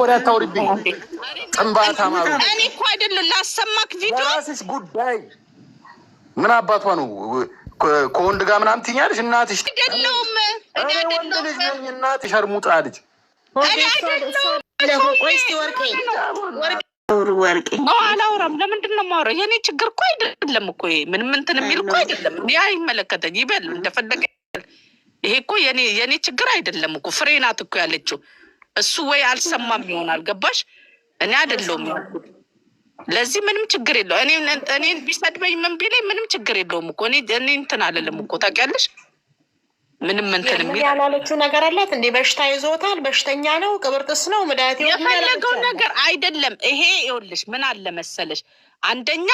ወደ አታውሪብኝ። ጥንባታ ማለት እኔ እኮ አይደለም ላሰማክ ቪዲዮ ራስሽ ጉዳይ ምን አባቷ ነው ከወንድ ጋር ምናምን ትኛለሽ። እናትሽ አይደለሁም እናትሽ አርሙጣ ልጅ አላውራም። ለምንድን ነው የማወራው? የእኔ ችግር እኮ አይደለም እኮ ምንም እንትን የሚል እኮ አይደለም። ያ ይመለከተኝ ይበል እንደፈለገ። ይሄ እኮ የእኔ ችግር አይደለም እኮ ፍሬ ናት እኮ ያለችው እሱ ወይ አልሰማም ይሆናል። ገባሽ? እኔ አይደለሁም። ለዚህ ምንም ችግር የለው። እኔ ቢሰድበኝ ምን ቢለኝ ምንም ችግር የለውም እኮ እኔ እንትን አለልም እኮ ታውቂያለሽ። ምንም እንትን ያላለችው ነገር አላት እንዴ? በሽታ ይዞታል፣ በሽተኛ ነው፣ ቅብርጥስ ነው፣ መድኃኒት የፈለገው ነገር አይደለም። ይሄ ይኸውልሽ ምን አለ መሰለሽ፣ አንደኛ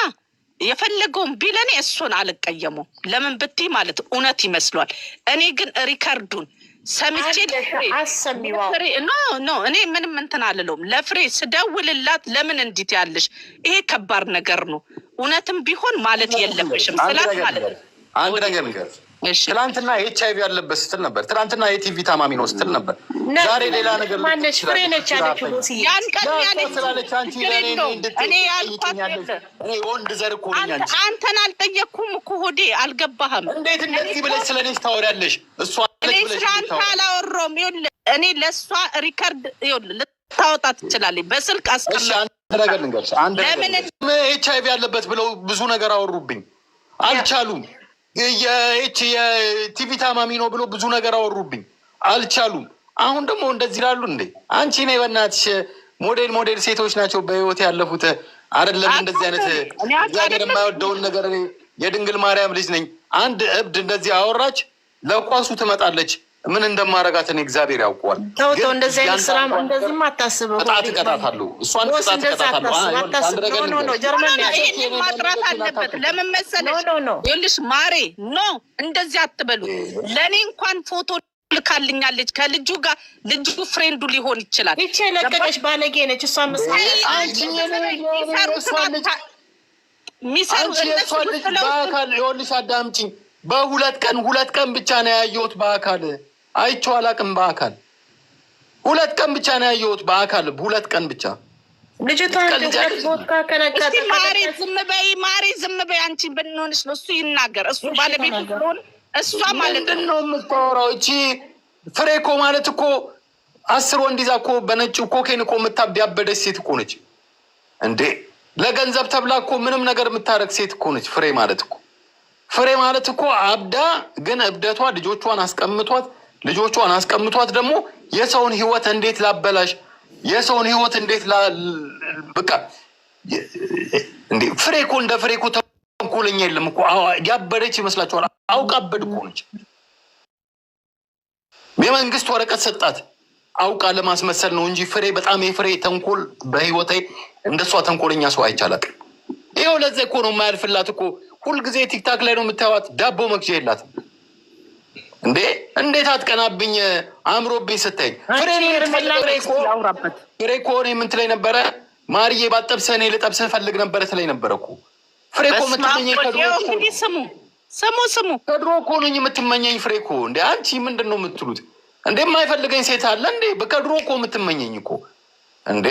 የፈለገውን ቢለኔ እሱን አልቀየመው። ለምን ብትይ ማለት እውነት ይመስሏል። እኔ ግን ሪከርዱን ሰምቼ ኖ ኖ እኔ ምንም እንትን አልለውም። ለፍሬ ስደውልላት ለምን እንዲት ያለሽ ይሄ ከባድ ነገር ነው፣ እውነትም ቢሆን ማለት የለበሽም ስላት ማለት ነው። አንድ ነገር ንገር። ትላንትና ኤች አይቪ ያለበት ስትል ነበር። ትላንትና የቲቪ ታማሚ ነው ስትል ነበር። ዛሬ ሌላ ነገር ማነች ፍሬ ነች ያን ቀን ያለች አንቺ ወንድ ዘር እኮ አንተን አልጠየቅኩም እኮ ሆዴ አልገባህም። እንዴት እንደዚህ ብለሽ ስለኔ ታወሪያለሽ? እሷ እኔ ስራን ካላወራሁም ይኸውልህ፣ እኔ ለእሷ ሪከርድ ይኸውልህ ልታወጣ ትችላለች። በስልክ ኤች አይቪ ያለበት ብለው ብዙ ነገር አወሩብኝ፣ አልቻሉም። የቲቪ ታማሚ ነው ብሎ ብዙ ነገር አወሩብኝ፣ አልቻሉም። አሁን ደግሞ እንደዚህ ላሉ እንዴ! አንቺ እኔ በእናትሽ ሞዴል ሞዴል ሴቶች ናቸው በህይወት ያለፉት አይደለም። እንደዚህ አይነት እግዚአብሔር የማይወደውን ነገር የድንግል ማርያም ልጅ ነኝ። አንድ እብድ እንደዚህ አወራች ለኳሱ ትመጣለች። ምን እንደማረጋት እኔ እግዚአብሔር ያውቀዋል። ተውተው እንደዚህ አይነት ስራ እንደዚህም ቅጣት እቀጣታለሁ፣ እሷን ቅጣት እቀጣታለሁ። ይህን ማጥራት አለበት። ለምን መሰለሽ? ይኸውልሽ ማሬ ኖ እንደዚህ አትበሉ። ለእኔ እንኳን ፎቶ ልካልኛለች ከልጁ ጋር ልጁ ፍሬንዱ ሊሆን ይችላል። ይቼ ለቀቀች ባለጌ ነች። እሷ ሚሰሩ ልጅ ብለው ይኸውልሽ፣ አዳምጪኝ በሁለት ቀን ሁለት ቀን ብቻ ነው ያየሁት በአካል አይቼው አላውቅም። በአካል ሁለት ቀን ብቻ ነው ያየሁት በአካል ሁለት ቀን ብቻ። ልጅቷ ዝም በይ፣ ዝም በይ። አንቺ ብንሆንሽ ነው እሱ ይናገር፣ እሱ እሷ ማለት ምንድን ነው የምታወራው? እቺ ፍሬ እኮ ማለት እኮ አስር ወንድ ይዛ እኮ በነጭ ኮኬን እኮ ያበደች ሴት እኮ ነች እንዴ! ለገንዘብ ተብላ እኮ ምንም ነገር የምታደርግ ሴት እኮ ነች ፍሬ ማለት እኮ ፍሬ ማለት እኮ አብዳ ግን እብደቷ ልጆቿን አስቀምጧት ልጆቿን አስቀምቷት ደግሞ የሰውን ህይወት እንዴት ላበላሽ የሰውን ህይወት እንዴት በቃ እንዴ ፍሬ እኮ እንደ ፍሬ እኮ ተንኮለኛ የለም እኮ ያበደች ይመስላችኋል? አውቃ አበድ እኮ ነች። የመንግስት ወረቀት ሰጣት አውቃ ለማስመሰል ነው እንጂ ፍሬ በጣም የፍሬ ተንኮል በህይወቴ እንደሷ ተንኮለኛ ሰው አይቻላል። ይኸው ለዚ እኮ ነው የማያልፍላት እኮ ሁልጊዜ ቲክታክ ላይ ነው የምታዩት። ዳቦ መግዣ የላት እንዴ! እንዴት አትቀናብኝ? አእምሮብኝ ስታይኝ ፍሬ እኮ እኔ ምን ትለኝ ነበረ? ማርዬ ባጠብሰህ እኔ ልጠብስህ እፈልግ ነበረ ትለኝ ነበረ እኮ ፍሬ እኮ የምትመኘኝ ስሙ ስሙ ስሙ ከድሮ እኮ ነኝ የምትመኘኝ ፍሬ እኮ እንደ አንቺ ምንድን ነው የምትሉት? እንዴ የማይፈልገኝ ሴት አለ እንዴ? ከድሮ እኮ የምትመኘኝ እኮ እንዴ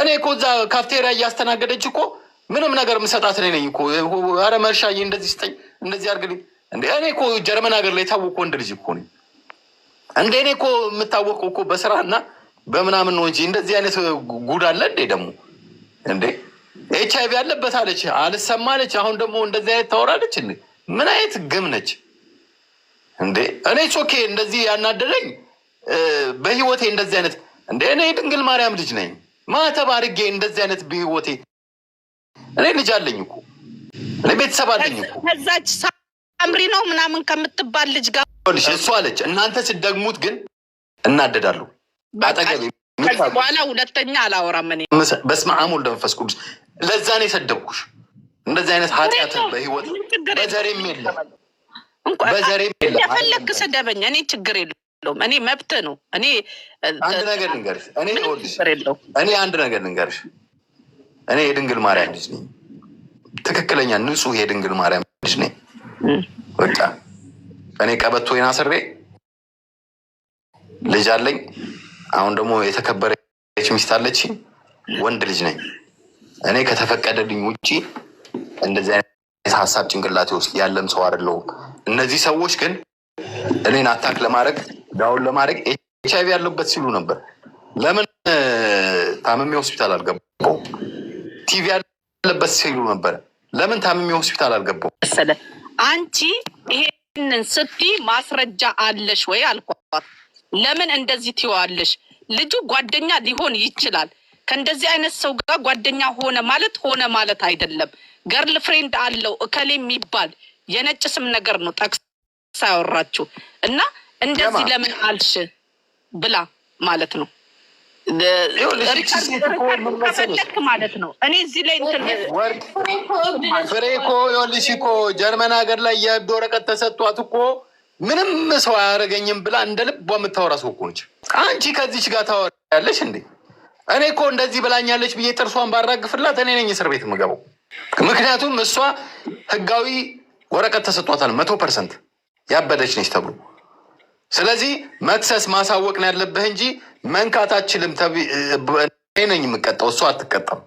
እኔ እኮ እዛ ካፍቴሪያ እያስተናገደች እኮ ምንም ነገር የምሰጣት እኔ ነኝ እኮ። ኧረ መርሻዬ እንደዚህ ስጠኝ እንደዚህ አድርግልኝ። እንደ እኔ እኮ ጀርመን ሀገር ላይ የታወቅኩ ወንድ ልጅ እኮ ነኝ። እንደ እኔ እኮ የምታወቀው እኮ በስራና በምናምን ነው እንጂ እንደዚህ አይነት ጉድ አለ እንዴ? ደግሞ እንዴ ኤች አይቪ አለበት አለች አልሰማለች። አሁን ደግሞ እንደዚህ አይነት ታወራለች። ምን አይነት ግም ነች እንዴ? እኔ ቾኬ እንደዚህ ያናደረኝ በህይወቴ እንደዚህ አይነት እንደ እኔ ድንግል ማርያም ልጅ ነኝ ማተብ አድርጌ እንደዚህ አይነት በህይወቴ እኔ ልጅ አለኝ እኮ እኔ ቤተሰብ አለኝ እኮ ከዛች ሳምሪ ነው ምናምን ከምትባል ልጅ ጋር እሱ አለች። እናንተ ስደግሙት ግን እናደዳለሁ። አጠገቤ በኋላ ሁለተኛ አላወራም። እኔ በስመ አብ ወወልድ ወመንፈስ ቅዱስ። ለዛ ነው የሰደብኩሽ። እንደዚህ አይነት ኃጢአት በህይወት በዘሬም የለም በዘሬም የለም። እንደፈለክ ስደበኝ፣ እኔ ችግር የለውም። እኔ መብት ነው። እኔ አንድ ነገር ልንገርሽ፣ እኔ አንድ ነገር ልንገርሽ እኔ የድንግል ማርያም ልጅ ነኝ። ትክክለኛ ንጹህ የድንግል ማርያም ልጅ ነኝ። በቃ እኔ ቀበቶዬን አስሬ ልጅ አለኝ። አሁን ደግሞ የተከበረች ሚስት ወንድ ልጅ ነኝ። እኔ ከተፈቀደልኝ ውጭ እንደዚህ አይነት ሀሳብ ጭንቅላቴ ውስጥ ያለም ሰው አይደለሁም። እነዚህ ሰዎች ግን እኔን አታክ ለማድረግ ዳውን ለማድረግ ኤች አይቪ ያለበት ሲሉ ነበር። ለምን ታመሚ ሆስፒታል አልገባሁም? ቲቪ ያለበት ሲሉ ነበረ። ለምን ታምሜ ሆስፒታል አልገባው መሰለ። አንቺ ይሄንን ስቲ ማስረጃ አለሽ ወይ አልኳት። ለምን እንደዚህ ትይዋለሽ? ልጁ ጓደኛ ሊሆን ይችላል። ከእንደዚህ አይነት ሰው ጋር ጓደኛ ሆነ ማለት ሆነ ማለት አይደለም። ገርል ፍሬንድ አለው እከሌ የሚባል የነጭ ስም ነገር ነው ጠቅሳ ያወራችው እና እንደዚህ ለምን አልሽ ብላ ማለት ነው። ሪካርድ ፍሬ እኮ ይኸውልሽ እኮ ጀርመን ሀገር ላይ የህግ ወረቀት ተሰጥቷት እኮ ምንም ሰው አያደርገኝም ብላ እንደ ልቧ የምታወራ ሰው እኮ ነች። አንቺ ከዚች ጋር ታወራለሽ እንዴ? እኔ እኮ እንደዚህ ብላኛለች ብዬ ጥርሷን ባራግፍላት እኔ ነኝ እስር ቤት የምገባው። ምክንያቱም እሷ ህጋዊ ወረቀት ተሰጥቷታል። መቶ ፐርሰንት ያበደች ነች ተብሎ ስለዚህ መክሰስ ማሳወቅ ነው ያለብህ እንጂ መንካት አችልም። ነኝ የምቀጣው እሷ አትቀጣም።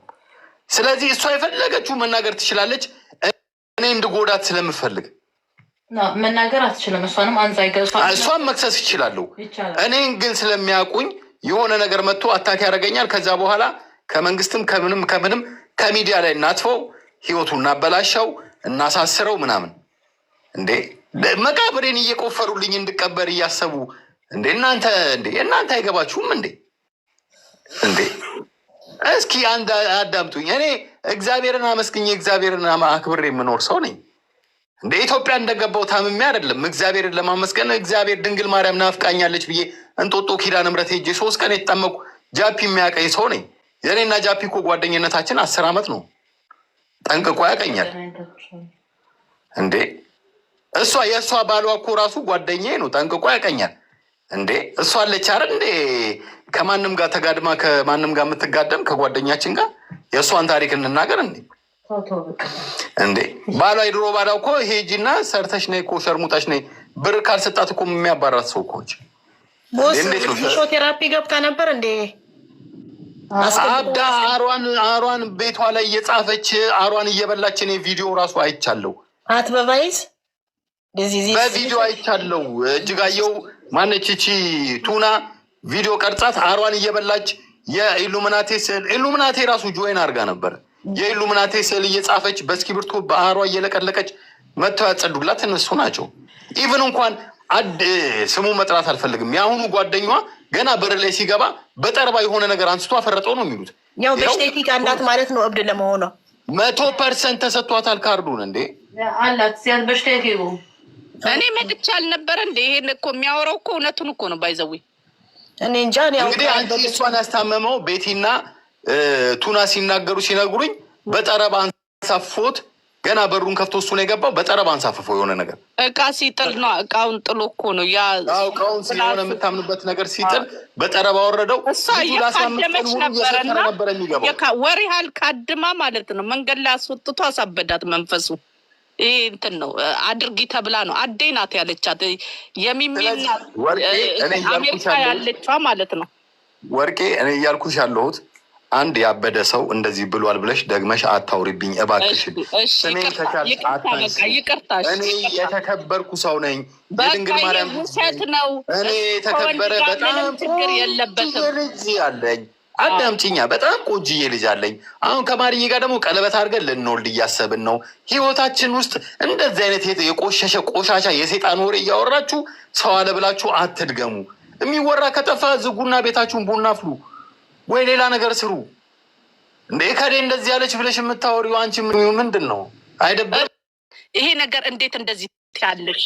ስለዚህ እሷ የፈለገችው መናገር ትችላለች። እኔ እንድጎዳት ስለምፈልግ መናገር አትችልም። እሷንም እሷን መክሰስ ይችላሉ። እኔን ግን ስለሚያውቁኝ የሆነ ነገር መጥቶ አታክ ያደርገኛል። ከዛ በኋላ ከመንግስትም ከምንም ከምንም ከሚዲያ ላይ እናጥፈው፣ ህይወቱ እናበላሸው፣ እናሳስረው ምናምን እንዴ መቃብሬን እየቆፈሩልኝ እንድቀበር እያሰቡ እንደ እናንተ እንደ እናንተ አይገባችሁም እንዴ? እንዴ እስኪ አንድ አዳምጡኝ። እኔ እግዚአብሔርን አመስግኝ እግዚአብሔርን አክብሬ የምኖር ሰው ነኝ። እንደ ኢትዮጵያ እንደገባው ታምሜ አይደለም እግዚአብሔርን ለማመስገን እግዚአብሔር ድንግል ማርያም ናፍቃኛለች ብዬ እንጦጦ ኪዳነ ምሕረት ሄጄ ሶስት ቀን የተጠመቁ ጃፒ የሚያቀኝ ሰው ነኝ። የእኔና ጃፒ እኮ ጓደኝነታችን አስር ዓመት ነው። ጠንቅቆ ያቀኛል እንዴ እሷ የእሷ ባሏ እኮ ራሱ ጓደኛዬ ነው፣ ጠንቅቆ ያቀኛል። እንዴ እሷ አለች አይደል እንዴ ከማንም ጋር ተጋድማ ከማንም ጋር የምትጋደም ከጓደኛችን ጋር የእሷን ታሪክ እንናገር እንዴ እንዴ ባሏ የድሮ ባሏ እኮ ሄጂና ሰርተሽ ነይ እኮ ሸርሙጣሽ ነይ ብር ካልሰጣት እኮ የሚያባራት ሰው እኮች ቴራፒ ገብታ ነበር እንዴ አብዳ አሯን አሯን ቤቷ ላይ እየጻፈች አሯን እየበላች እኔ ቪዲዮ ራሱ አይቻለሁ አትበባይዝ በቪዲዮ አይቻለው። እጅጋየው ማነች ቱና ቪዲዮ ቀርጻት አሯን እየበላች የኢሉሚናቴ ስዕል ኢሉሚናቴ ራሱ ጆይን አድርጋ ነበር። የኢሉሚናቴ ስዕል እየጻፈች በእስክሪብቶ በአሯ እየለቀለቀች መጥተው ያጸዱላት እነሱ ናቸው። ኢቭን እንኳን ስሙ መጥራት አልፈልግም። የአሁኑ ጓደኛዋ ገና በር ላይ ሲገባ በጠርባ የሆነ ነገር አንስቶ አፈረጠው ነው የሚሉት። ያው በሽቴቲ ቃላት ማለት ነው። እብድ ለመሆኗ መቶ ፐርሰንት ተሰጥቷታል። ካርዱን እንዴ አላት በሽቴቲ እኔ መጥቼ አልነበረ እንደ ይሄን እኮ የሚያወራው እኮ እውነቱን እኮ ነው። ባይዘዊ እኔ እንጃ። እንግዲህ አንቺ እሷን ያስታመመው ቤቲና ቱና ሲናገሩ ሲነግሩኝ በጠረብ አንሳፎት ገና በሩን ከፍቶ እሱ ነው የገባው። በጠረብ አንሳፍፎ የሆነ ነገር እቃ ሲጥል ነው። እቃውን ጥሎ እኮ ነው ያ እቃውን ሲሆነ የምታምኑበት ነገር ሲጥል በጠረብ አወረደው። እሷ እያካደመች ነበረና ወሬ አልካድማ ማለት ነው። መንገድ ላይ አስወጥቶ አሳበዳት መንፈሱ ይህ እንትን ነው አድርጊ ተብላ ነው። አዴ ናት ያለቻት የሚሚና አሜሪካ ያለቿ ማለት ነው። ወርቄ እኔ እያልኩሽ ያለሁት አንድ ያበደ ሰው እንደዚህ ብሏል ብለሽ ደግመሽ አታውሪብኝ እባክሽን። ስሜን ከቻልሽ እኔ የተከበርኩ ሰው ነኝ። የድንግል ማርያም ውሸት ነው። እኔ የተከበረ በጣም ችግር የለበትም ልጅ አለኝ አዳምጪኛ በጣም ቆንጅዬ ልጅ አለኝ። አሁን ከማርዬ ጋር ደግሞ ቀለበት አድርገን ልንወልድ እያሰብን ነው። ህይወታችን ውስጥ እንደዚህ አይነት የቆሸሸ ቆሻሻ የሴጣን ወሬ እያወራችሁ ሰው አለ ብላችሁ አትድገሙ። የሚወራ ከጠፋ ዝጉና ቤታችሁን ቡና አፍሉ ወይ ሌላ ነገር ስሩ። እንደ ከዴ እንደዚህ ያለች ብለሽ የምታወሪው አንቺ ምንድን ነው? አይደበር ይሄ ነገር እንዴት እንደዚህ ያለሽ?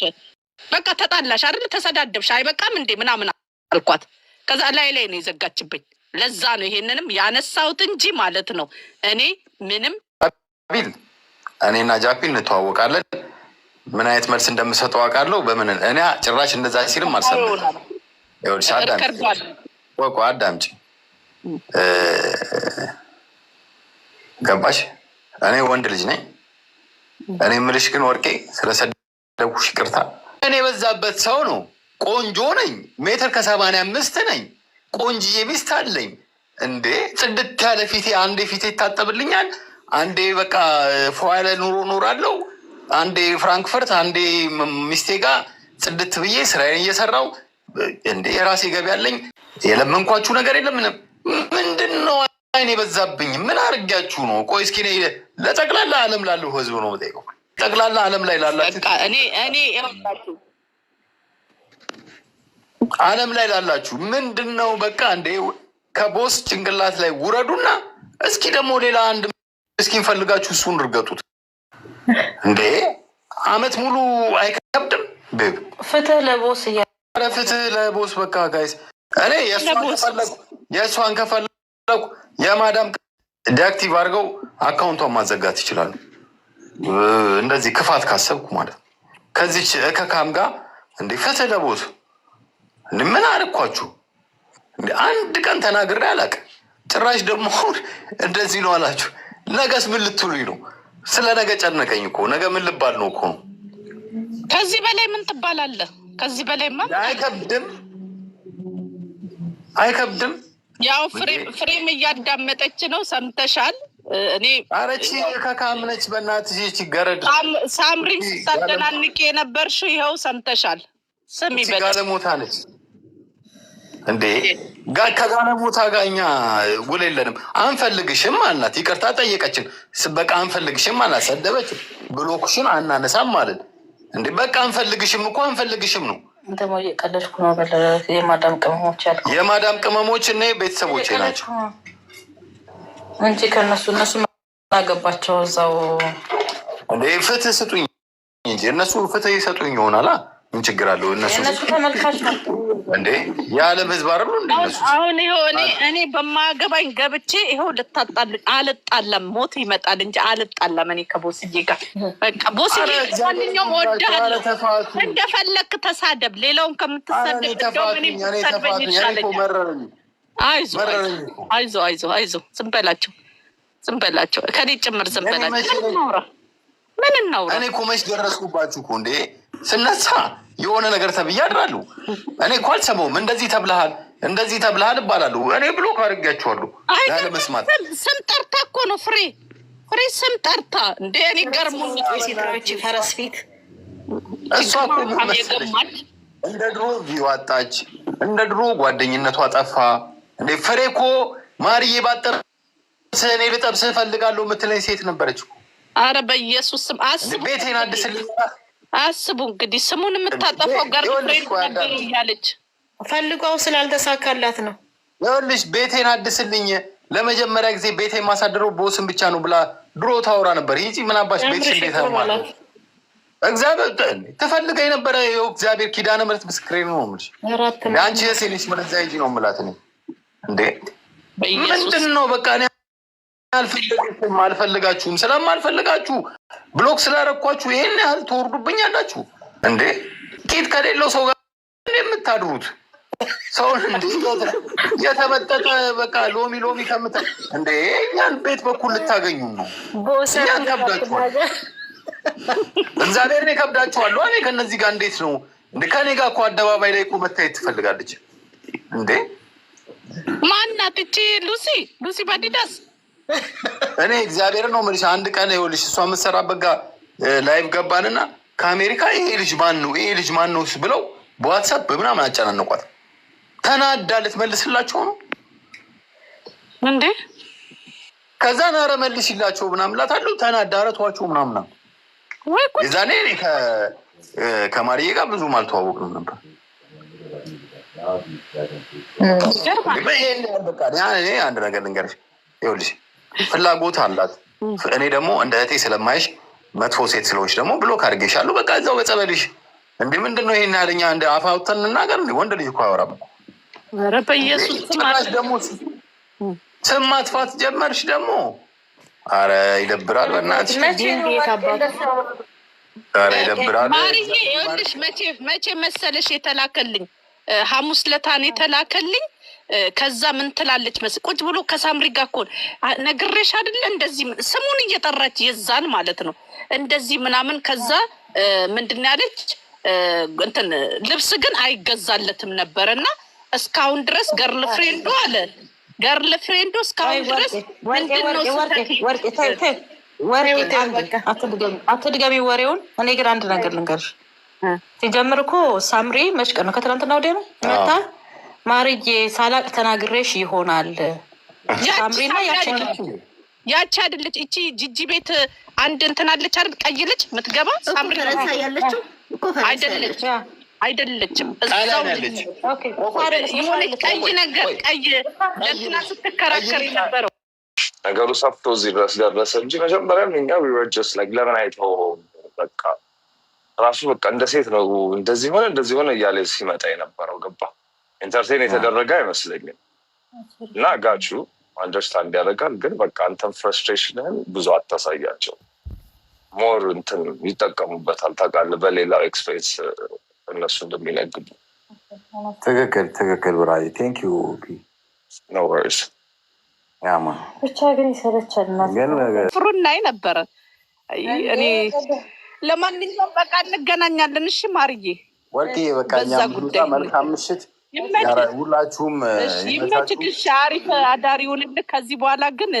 በቃ ተጣላሽ አይደል? ተሰዳደብሽ አይበቃም እንዴ ምናምን አልኳት። ከዛ ላይ ላይ ነው የዘጋችብኝ። ለዛ ነው ይሄንንም ያነሳሁት እንጂ ማለት ነው። እኔ ምንም ቢል እኔና ጃፒ እንተዋወቃለን። ምን አይነት መልስ እንደምሰጠው አውቃለሁ። በምን እኔ ጭራሽ እንደዛ ሲልም አልሰማሁም። አዳምጪ ገባሽ? እኔ ወንድ ልጅ ነኝ። እኔ ምልሽ ግን ወርቄ ስለሰደብኩሽ ይቅርታ። እኔ የበዛበት ሰው ነው። ቆንጆ ነኝ። ሜትር ከሰማንያ አምስት ነኝ። ቆንጅዬ ሚስት አለኝ እንዴ ጽድት ያለ ፊቴ፣ አንዴ ፊቴ ይታጠብልኛል፣ አንዴ በቃ ፏ ኑሮ ኖራለው አንዴ ፍራንክፈርት፣ አንዴ ሚስቴ ጋር ጽድት ብዬ ስራዬን እየሰራው እንዴ የራሴ ገቢ አለኝ። የለመንኳችሁ ነገር የለም ምንም። ምንድን ነው አይን የበዛብኝ? ምን አርጊያችሁ ነው? ቆይ እስኪ ለጠቅላላ አለም ላለው ህዝብ ነው ጠቅላላ አለም ላይ ላላ እኔ እኔ ዓለም ላይ ላላችሁ ምንድን ነው በቃ እንደ ከቦስ ጭንቅላት ላይ ውረዱና እስኪ ደግሞ ሌላ አንድ እስኪ እንፈልጋችሁ እሱን እርገጡት። እንዴ አመት ሙሉ አይከብድም። ፍትህ ለቦስ እያለ ፍትህ ለቦስ በቃ ጋይስ፣ እኔ የእሷን ከፈለኩ የማዳም ዲአክቲቭ አድርገው አካውንቷን ማዘጋት ይችላሉ። እንደዚህ ክፋት ካሰብኩ ማለት ከዚች እከካም ጋር እንዴ ፍትህ ለቦስ ምን አደረኳችሁ? አንድ ቀን ተናግሬ አላውቅም። ጭራሽ ደግሞ እንደዚህ ነው አላችሁ። ነገስ ምን ልትሉኝ ነው? ስለ ነገ ጨነቀኝ እኮ። ነገ ምን ልባል ነው እኮ። ነው። ከዚህ በላይ ምን ትባላለህ? ከዚህ በላይ ማ አይከብድም፣ አይከብድም። ያው ፍሬም እያዳመጠች ነው። ሰምተሻል። እኔ አረቺ ከካምነች በእናትሽ ገረድ ሳምሪም ስታደናንቅ የነበርሽ ይኸው ሰምተሻል። ስሚ በቃ ነች። እንዴ ጋር ከጋነ ቦታ ጋር እኛ ውል የለንም፣ አንፈልግሽም አልናት። ይቅርታ ጠየቀችን። በቃ አንፈልግሽም አልናት። ሰደበች። ብሎክሽን አናነሳም አለን። እንዴ በቃ አንፈልግሽም እኮ አንፈልግሽም ነው። ቀለድኩ የማዳም ቅመሞች እና ቤተሰቦች ናቸው እንጂ ከነሱ እነሱ አገባቸው እዛው። እንዴ ፍትህ ስጡኝ እንጂ እነሱ ፍትህ ይሰጡኝ ይሆናላ። ምን ችግር አለው? እነሱ ተመልካች ነው እንዴ የዓለም ህዝብ አይደሉ እንዴ? አሁን ይኸው እኔ እኔ በማገባኝ ገብቼ ይኸው ልታጣል አልጣለም ሞት ይመጣል እንጂ አልጣለም እኔ ከቦስዬ ጋር በቃ ቦስዬ ማንኛውም ወዳለሁ። እንደፈለክ ተሳደብ። ሌላውን ከምትሰደብ ሰድበኝ ይሻለኛል። አይዞ አይዞ አይዞ አይዞ ዝም በላቸው ዝም በላቸው። ከኔ ጭምር ዝም በላቸው። ምን እናውራ ምን እናውራ። እኔ እኮ መች ደረስኩባችሁ እኮ እንዴ ስነሳ የሆነ ነገር ተብዬ አድራለሁ። እኔ እኮ አልሰማሁም። እንደዚህ ተብልሃል፣ እንደዚህ ተብልሃል እባላለሁ። እኔ ብሎ አድርጌያቸዋለሁ ያለ ስም ጠርታ እኮ ነው ፍሬ፣ ፍሬ ስም ጠርታ እንደ እኔ ገርሞ ፈረስ ፊት እሷ እንደ ድሮ ቪው አጣች፣ እንደ ድሮ ጓደኝነቷ ጠፋ። እንደ ፍሬ እኮ ማርዬ ባጠር እኔ ልጠብስህ እፈልጋለሁ የምትለኝ ሴት ነበረች። አረ በኢየሱስ ስም አስ ቤቴን አድስልኝ አስቡ እንግዲህ ስሙን የምታጠፋው ጋር ነበር እያለች ፈልጓው ስላልተሳካላት ነው። ይኸውልሽ ቤቴን አድስልኝ ለመጀመሪያ ጊዜ ቤቴ የማሳደረው በወስን ብቻ ነው ብላ ድሮ ታወራ ነበር። ይህ ምን አባሽ ቤትሽ ቤት እግዚአብሔር ተፈልገ የነበረ እግዚአብሔር ኪዳነ ምሕረት ምስክሬ ነው የምልሽ። አንቺ የሴ ልጅ መለዛ ሂጂ ነው የምላት እኔ እንዴ ምንድን ነው በቃ አልፈለጋችሁም አልፈለጋችሁም ስለማልፈለጋችሁ ብሎክ ስላረኳችሁ ይህን ያህል ትወርዱብኝ አላችሁ እንዴ? ቂጥ ከሌለው ሰው ጋር የምታድሩት ሰውን የተመጠጠ በቃ ሎሚ ሎሚ ከምታ እንዴ እኛን ቤት በኩል ልታገኙ ነው። እኛን ከብዳችኋል፣ እግዚአብሔርን ከብዳችኋል። እኔ ከነዚህ ጋር እንዴት ነው እንደ ከኔ ጋር እኮ አደባባይ ላይ እኮ መታየት ትፈልጋለች እንዴ? ማናት እቺ ሉሲ ሉሲ በዲዳስ እኔ እግዚአብሔር ነው የምልሽ። አንድ ቀን ይኸውልሽ እሷ የምትሰራበት ጋር ላይቭ ገባንና ከአሜሪካ ይሄ ልጅ ማን ነው ይሄ ልጅ ማን ነው ብለው በዋትሳፕ ምናምን አጨናነቋት። ተናዳ ልትመልስላቸው ነው እንዴ? ከዛ ናረ መልስላቸው ምናምን እላታለሁ። ተናዳ ረቷቸው ምናምና የዛኔ ከማርዬ ጋር ብዙም አልተዋወቅንም ነበር። ይሄን ያህል በቃ። አንድ ነገር ልንገርሽ ይኸውልሽ ፍላጎት አላት። እኔ ደግሞ እንደ እህቴ ስለማይሽ መጥፎ ሴት ስለሆንሽ ደግሞ ብሎክ አድርጌሻለሁ። በቃ እዛው በጸበልሽ። እንዲ ምንድን ነው ይሄን ያለኛ እንደ አፋውተን እናገር እ ወንድ ልጅ እኮ አያወራም። ስም ማጥፋት ጀመርሽ ደግሞ። አረ ይደብራል፣ በእናትሽ አረ ይደብራል። መቼ መሰለሽ የተላከልኝ ሐሙስ ለታን የተላከልኝ ከዛ ምን ትላለች መስ ቁጭ ብሎ ከሳምሪ ጋር እኮ ነግሬሽ አይደለ እንደዚህ ስሙን እየጠራች የዛን ማለት ነው እንደዚህ ምናምን ከዛ ምንድን ያለች እንትን ልብስ ግን አይገዛለትም ነበር እና እስካሁን ድረስ ገርል ፍሬንዶ አለ ገርል ፍሬንዶ እስካሁን ድረስ ምንድን ነው አትድገሚ ወሬውን እኔ ግን አንድ ነገር ልንገርሽ ሲጀምር እኮ ሳምሪ መሽቀ ነው? ከትናንትና ወዲያ ነው መታ ማርዬ ሳላቅ ተናግሬሽ ይሆናል። ሳምሪና ያቺ አይደለች እቺ ጅጅ ቤት አንድ እንትን አለች አይደል? ቀይ ልጅ ምትገባ ሳምሪ አይደለችም የሆነች ቀይ ነገር ቀይ ለትና ስትከራከር የነበረው ነገሩ ሰፍቶ እዚህ ድረስ ደረሰ እንጂ መጀመሪያም እኛ ዊወጀስ ለምን አይተው በቃ ራሱ በቃ እንደ ሴት ነው እንደዚህ ሆነ እንደዚህ ሆነ እያለ ሲመጣ የነበረው ገባ ኢንተርቴን የተደረገ አይመስለኝም። እና ጋቹ አንደርስታንድ ያደርጋል። ግን በቃ አንተን ፍረስትሬሽንህን ብዙ አታሳያቸው። ሞር እንትን ይጠቀሙበታል። ታቃል በሌላው ኤክስፔሪንስ እነሱ እንደሚነግዱ ትክክል ትክክል። ብራ ቴንክ ዩ ኖ ወሪስ። ያማ ብቻ ግን ይሰለቻል። ፍሩን ላይ ነበረ እኔ ለማንኛውም በቃ እንገናኛለን። እሺ ማርዬ ወርቅዬ፣ በቃ ጉዳይ መልካም ምሽት ሁላችሁም። ይመችሽ፣ አሪፍ አዳሪ ይሁንልህ። ከዚህ በኋላ ግን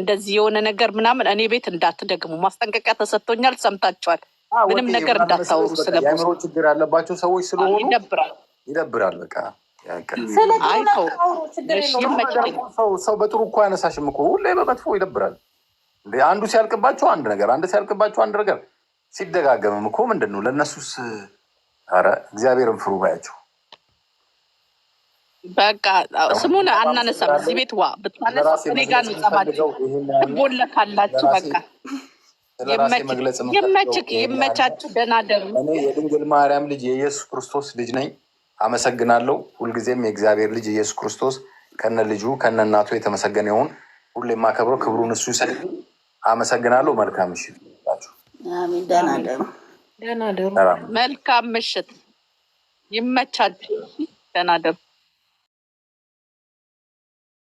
እንደዚህ የሆነ ነገር ምናምን እኔ ቤት እንዳትደግሙ ማስጠንቀቂያ ተሰጥቶኛል። ሰምታችኋል። ምንም ነገር እንዳታወሩ። ስለአእምሮ ችግር ያለባቸው ሰዎች ስለሆኑ ይደብራል፣ ይደብራል። በቃ ሰው በጥሩ እኮ ያነሳሽም እኮ ሁሌ በመጥፎ ይደብራል። አንዱ ሲያልቅባቸው አንድ ነገር፣ አንድ ሲያልቅባቸው አንድ ነገር ሲደጋገምም እኮ ምንድን ነው ለእነሱስ? ኧረ እግዚአብሔርን ፍሩ ባያቸው። በቃ ስሙን አናነሳም እዚህ ቤት ዋ በቃ ይመችክ ይመቻችሁ። ደህና ደሩ። እኔ የድንግል ማርያም ልጅ የኢየሱስ ክርስቶስ ልጅ ነኝ። አመሰግናለሁ። ሁልጊዜም የእግዚአብሔር ልጅ ኢየሱስ ክርስቶስ ከነ ልጁ ከነ እናቱ የተመሰገነ ይሁን። ሁሌ የማከብረው ክብሩን እሱ ይሰድ አመሰግናለሁ። መልካም ምሽት። ደህና ደሩ። መልካም ምሽት። ይመቻል። ደህና ደሩ።